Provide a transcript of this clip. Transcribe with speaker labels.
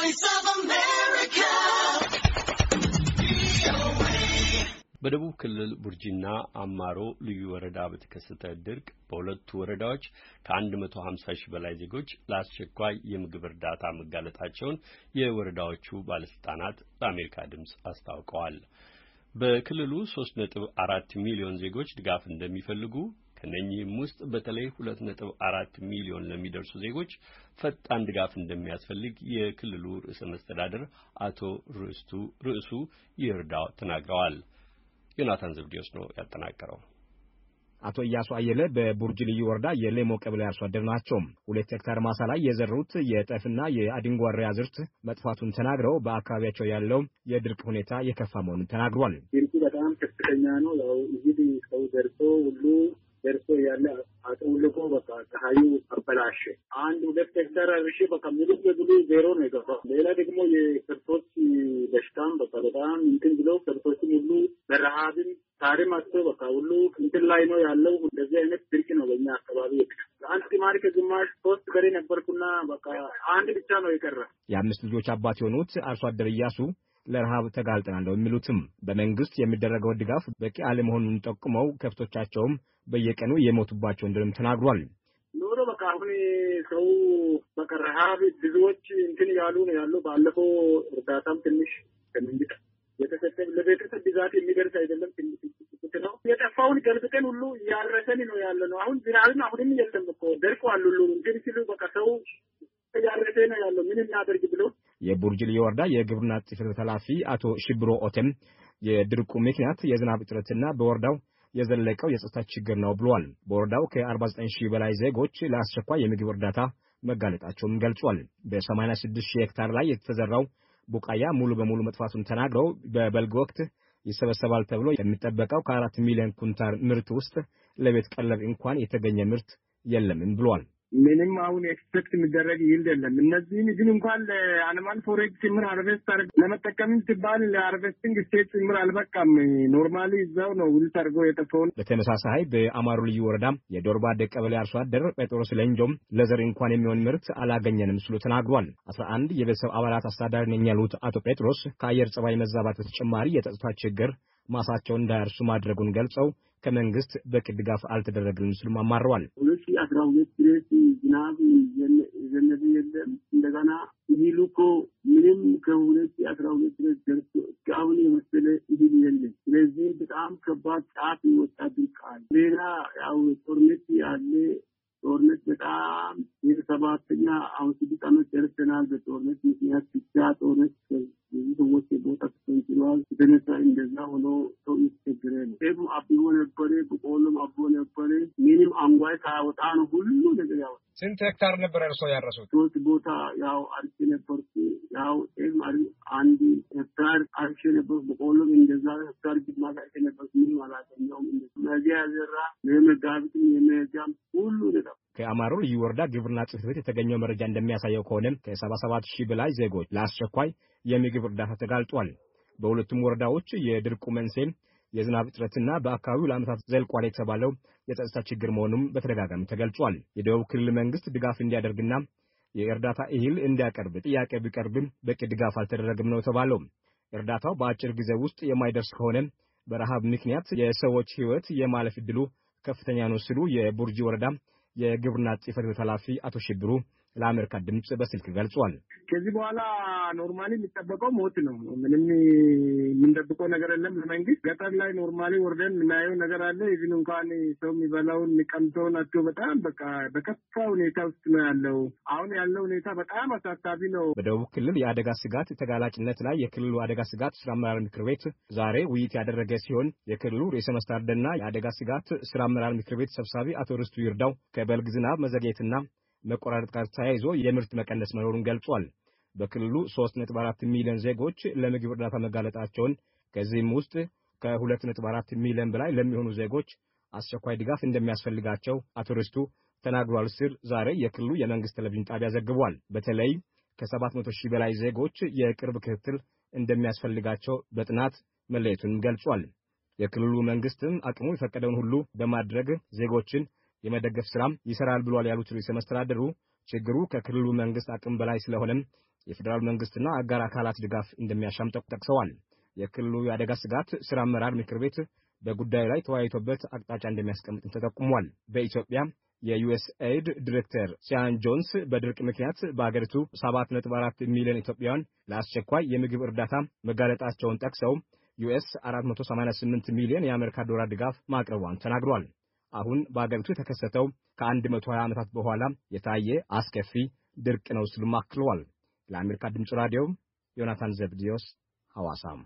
Speaker 1: ቮይስ ኦፍ አሜሪካ በደቡብ ክልል ቡርጂና አማሮ ልዩ ወረዳ በተከሰተ ድርቅ በሁለቱ ወረዳዎች ከ150 ሺህ በላይ ዜጎች ለአስቸኳይ የምግብ እርዳታ መጋለጣቸውን የወረዳዎቹ ባለስልጣናት ለአሜሪካ ድምፅ አስታውቀዋል። በክልሉ 3.4 ሚሊዮን ዜጎች ድጋፍ እንደሚፈልጉ ከነኚህም ውስጥ በተለይ 2.4 ሚሊዮን ለሚደርሱ ዜጎች ፈጣን ድጋፍ እንደሚያስፈልግ የክልሉ ርዕሰ መስተዳደር አቶ ርዕሱ ይርዳው ተናግረዋል። ዮናታን ዘብዲዮስ ነው ያጠናቀረው።
Speaker 2: አቶ እያሱ አየለ በቡርጅ ልዩ ወረዳ የሌሞ ቀበሌ አርሶ አደር ናቸው። ሁለት ሄክታር ማሳ ላይ የዘሩት የጠፍና የአድንጓሬ አዝርት መጥፋቱን ተናግረው በአካባቢያቸው ያለው የድርቅ ሁኔታ የከፋ መሆኑን ተናግሯል።
Speaker 1: ድርቁ በጣም ከፍተኛ ነው። ያው እንግዲህ ደርሶ ያለ አጥውልቆ በቃ ፀሐዩ አበላሸ። አንድ ሁለት ሄክተር አርሼ በቃ ሙሉ በሙሉ ዜሮ ነው የገባው። ሌላ ደግሞ የከብቶች በሽታም በቃ በጣም እንትን ብሎ ከብቶችም ሁሉ በረሃብም ታሪም አቶ በቃ ሁሉ እንትን ላይ ነው ያለው። እንደዚህ አይነት ድርቅ ነው በእኛ አካባቢ። አንድ ግማሪ ከግማሽ ሶስት በሬ ነበርኩና በቃ አንድ ብቻ ነው የቀረ።
Speaker 2: የአምስት ልጆች አባት የሆኑት አርሶ አደር እያሱ ለረሃብ ተጋልጠናለሁ የሚሉትም። በመንግስት የሚደረገው ድጋፍ በቂ አለመሆኑን ጠቁመው ከብቶቻቸውም በየቀኑ የሞቱባቸው እንደሆነም ተናግሯል።
Speaker 1: ኑሮ በቃ አሁን ሰው በቃ ረሃብ ብዙዎች እንትን ያሉ ነው ያለው። ባለፈው እርዳታም ትንሽ ከመንግስት የተሰጠ ለቤተሰብ ብዛት የሚደርስ አይደለም። ትንሽ ነው የጠፋውን ገልብጠን ሁሉ እያረሰን ነው ያለ ነው። አሁን ዝናብም አሁንም የለም እኮ ደርቋል ሁሉ እንትን ሲሉ በቃ ሰው እያረሰ ነው ያለው ምን እናደርግ ብለው
Speaker 2: የቡርጅል ወረዳ የግብርና ጽሕፈት ቤት ኃላፊ አቶ ሽብሮ ኦቴም የድርቁ ምክንያት የዝናብ እጥረትና በወረዳው የዘለቀው የጸጥታ ችግር ነው ብሏል። በወረዳው ከ49 ሺህ በላይ ዜጎች ለአስቸኳይ የምግብ እርዳታ መጋለጣቸውም ገልጿል። በ86 ሺህ ሄክታር ላይ የተዘራው ቡቃያ ሙሉ በሙሉ መጥፋቱን ተናግረው በበልግ ወቅት ይሰበሰባል ተብሎ የሚጠበቀው ከአራት ሚሊዮን ኩንታል ምርት ውስጥ ለቤት ቀለብ እንኳን የተገኘ ምርት የለምም ብሏል።
Speaker 1: ምንም አሁን ኤክስፔክት የሚደረግ ይልድ የለም። እነዚህን ግን እንኳን ለአኒማል ፎሬጅ ጭምር አርቨስት ለመጠቀም ሲባል ለአርቨስቲንግ ስቴት ጭምር አልበቃም።
Speaker 2: ኖርማሊ እዛው ነው ውል አድርጎ የጠፈውን። በተመሳሳይ በአማሩ ልዩ ወረዳ የዶርባደ ቀበሌ አርሶ አደር ጴጥሮስ ለእንጆም ለዘር እንኳን የሚሆን ምርት አላገኘንም ስሉ ተናግሯል። አስራ አንድ የቤተሰብ አባላት አስተዳዳሪ ነኝ ያሉት አቶ ጴጥሮስ ከአየር ጸባይ መዛባት በተጨማሪ የጸጥታ ችግር ማሳቸውን እንዳያርሱ ማድረጉን ገልጸው ከመንግስት በቂ ድጋፍ አልተደረገም ሲሉም አማረዋል።
Speaker 1: ሁለት ሺህ አስራ ሁለት ድረስ ዝናብ ዘነበ የለም። እንደገና እህሉ እኮ ምንም ከሁለት ሺህ አስራ ሁለት ድረስ ደርሶ እስካሁን የመሰለ እህል የለም። ስለዚህም በጣም ከባድ ጫፍ ይወጣ ድርቃል። ሌላ ያው ጦርነት ያለ ጦርነት በጣም ሰባተኛ አሁን ስድስት ዓመት ደርሰናል። በጦርነት ምክንያት ብቻ ጦርነት ብዙ ሰዎች የቦታ ተፈንጭለዋል። የተነሳ እንደዛ ሆኖ ሰው የተቸገረ ነው። ጤፉም አብቦ ነበረ፣ በቆሎም አብቦ ነበረ። ምንም አንጓይ ሳያወጣ ነው ሁሉ ነገር ያወጣ። ስንት ሄክታር ነበር እርሶ ያረሱት? ሶስት ቦታ ያው አርሼ ነበርኩ። ያው ጤፍ አንድ ሄክታር አርሼ ነበርኩ። በቆሎም እንደዛ ሄክታር ግማሽ አርሼ ነበርኩ። ምንም አላገኘውም። መዚያ ዘራ የመጋቢትም የመዚያም ሁሉ ነገር
Speaker 2: ከአማሮ ልዩ ወረዳ ግብርና ጽሕፈት ቤት የተገኘው መረጃ እንደሚያሳየው ከሆነ ከ77 ሺህ በላይ ዜጎች ለአስቸኳይ የምግብ እርዳታ ተጋልጧል። በሁለቱም ወረዳዎች የድርቁ መንስኤ የዝናብ እጥረትና በአካባቢው ለዓመታት ዘልቋል የተባለው የጸጥታ ችግር መሆኑም በተደጋጋሚ ተገልጿል። የደቡብ ክልል መንግስት ድጋፍ እንዲያደርግና የእርዳታ እህል እንዲያቀርብ ጥያቄ ቢቀርብም በቂ ድጋፍ አልተደረገም ነው የተባለው። እርዳታው በአጭር ጊዜ ውስጥ የማይደርስ ከሆነ በረሃብ ምክንያት የሰዎች ሕይወት የማለፍ ዕድሉ ከፍተኛ ነው ሲሉ የቡርጂ ወረዳ የግብርና ጽሕፈት ቤት ኃላፊ አቶ ሽብሩ ለአሜሪካ ድምፅ በስልክ ገልጿል። ከዚህ
Speaker 1: በኋላ ኖርማሊ የሚጠበቀው ሞት ነው። ምንም የምንደብቀው ነገር የለም። ለመንግስት ገጠር ላይ ኖርማሊ ወርደን የምናየው ነገር አለ። ይህን እንኳን ሰው የሚበላውን የሚቀምሰውን አቶ በጣም በቃ በከፋ ሁኔታ ውስጥ ነው ያለው። አሁን ያለው ሁኔታ በጣም አሳሳቢ ነው። በደቡብ
Speaker 2: ክልል የአደጋ ስጋት ተጋላጭነት ላይ የክልሉ አደጋ ስጋት ስራ አመራር ምክር ቤት ዛሬ ውይይት ያደረገ ሲሆን የክልሉ ርዕሰ መስተዳድርና የአደጋ ስጋት ስራ አመራር ምክር ቤት ሰብሳቢ አቶ ርስቱ ይርዳው ከበልግ ዝናብ መዘግየትና መቆራረጥ ጋር ተያይዞ የምርት መቀነስ መኖሩን ገልጿል። በክልሉ 3.4 ሚሊዮን ዜጎች ለምግብ እርዳታ መጋለጣቸውን ከዚህም ውስጥ ከ2.4 ሚሊዮን በላይ ለሚሆኑ ዜጎች አስቸኳይ ድጋፍ እንደሚያስፈልጋቸው አቶ ርስቱ ተናግሯል ሲል ዛሬ የክልሉ የመንግስት ቴሌቪዥን ጣቢያ ዘግቧል። በተለይ ከ700 ሺህ በላይ ዜጎች የቅርብ ክትትል እንደሚያስፈልጋቸው በጥናት መለየቱንም ገልጿል። የክልሉ መንግስትም አቅሙ የፈቀደውን ሁሉ በማድረግ ዜጎችን የመደገፍ ስራም ይሰራል ብሏል ያሉት ርዕሰ መስተዳደሩ ችግሩ ከክልሉ መንግስት አቅም በላይ ስለሆነም የፌዴራል መንግስትና አጋር አካላት ድጋፍ እንደሚያሻም ጠቅሰዋል። የክልሉ የአደጋ ስጋት ስራ አመራር ምክር ቤት በጉዳዩ ላይ ተወያይቶበት አቅጣጫ እንደሚያስቀምጥም ተጠቁሟል። በኢትዮጵያ የዩኤስ ኤድ ዲሬክተር ሲያን ጆንስ በድርቅ ምክንያት በአገሪቱ 7.4 ሚሊዮን ኢትዮጵያውያን ለአስቸኳይ የምግብ እርዳታ መጋለጣቸውን ጠቅሰው ዩኤስ 488 ሚሊዮን የአሜሪካ ዶላር ድጋፍ ማቅረቧን ተናግሯል። አሁን በአገሪቱ የተከሰተው ከ120 ዓመታት በኋላ የታየ አስከፊ ድርቅ ነው ሲሉም አክለዋል። ለአሜሪካ ድምፅ ራዲዮ ዮናታን ዘብዲዮስ ሐዋሳም